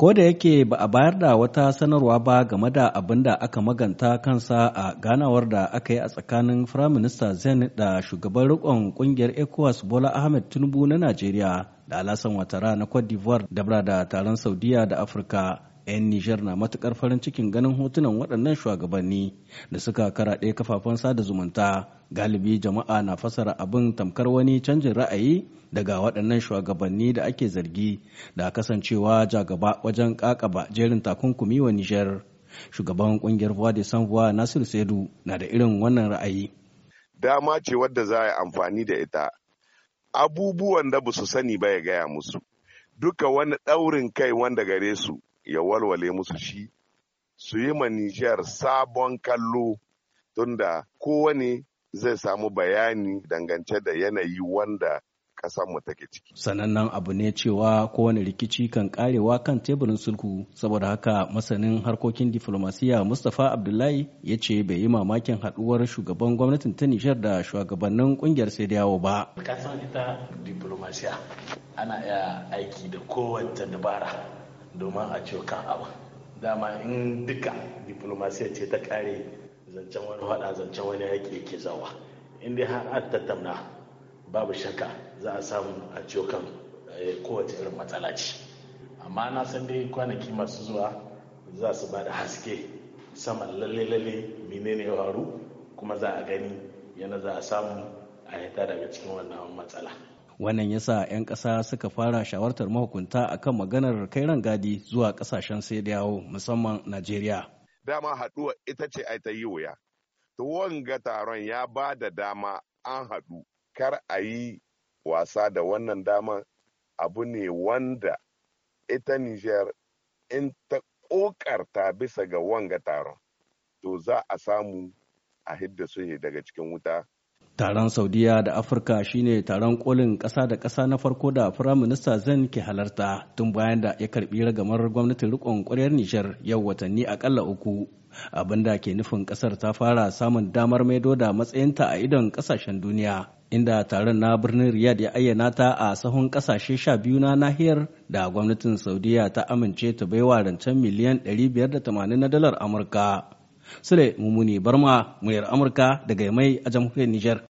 Ko da yake ba a bayar da wata sanarwa ba game da abin da aka maganta kansa a ganawar da aka yi a tsakanin Firaminista Zen da shugaban rikon ƙungiyar ECOWAS Bola Ahmed Tinubu na Najeriya da Alasan Watara na Cote d'Ivoire dabra da taron Saudiya da Afirka 'yan Nijar na matukar farin cikin ganin hotunan waɗannan shugabanni da suka karaɗe kafafen sada zumunta galibi jama'a na fasara abin tamkar wani canjin ra'ayi daga waɗannan shugabanni da ake zargi da kasancewa jagaba wajen ƙaƙaba jerin takunkumi wa Nijar. Shugaban ƙungiyar Voix de Sanvoix Nasiru Saidu na da irin wannan ra'ayi. Dama ce wadda za a yi amfani da ita abubuwan da ba su sani ba ya gaya musu. Duka wani ɗaurin kai wanda gare su ya walwale musu shi su yi ma Nijar sabon kallo tunda kowane zai samu bayani dangance da yanayi wanda mu take ciki. Sanannen abu ne cewa kowane rikici kan karewa kan teburin sulhu saboda haka masanin harkokin diflomasiya Mustapha Abdullahi ya ce bai yi mamakin haɗuwar shugaban gwamnatin ta Nijar da shugabannin ƙungiyar sai yawo ba. Kasan ita diflomasiya ana iya aiki da kowace dabara domin a ciwo kan abu dama in duka diplomasiya ce ta kare zancen wani hada zancen wani yaki yake zawa in dai har an tattauna babu shakka za a samu a cokan kan eh, kowace irin matsala ce amma na san dai kwanaki masu zuwa za su ba da haske sama lalle-lalle menene ya faru kuma za a gani yana za a samu a yata daga cikin wannan matsala wannan yasa 'yan ƙasa suka fara shawartar mahukunta akan maganar kai rangadi zuwa ƙasashen sai da yawo musamman najeriya dama haɗuwa ita ce ai ta yi wuya to wanga taron ya ba da dama an haɗu kar a yi wasa da wannan dama abu ne wanda ita niger in ta ƙoƙarta bisa ga wanga taron to za a samu a hidda su daga cikin wuta Taron Saudiya da Afirka shine taron kolin ƙasa da ƙasa na farko da Firaminista Zan ke halarta tun bayan da ya karbi ragamar gwamnatin rikon ƙwaryar Nijar yau watanni akalla uku. Abin da ke nufin ƙasar ta fara samun damar maido da matsayinta a idon ƙasashen duniya. Inda taron na birnin Riyad ya ayyana ta a sahun ƙasashe sha biyu na nahiyar da gwamnatin Saudiya ta amince ta bai wa rancen miliyan 580 na dalar Amurka. Sule Mumuni Barma, muryar Amurka daga mai a jamhuriyar Nijar.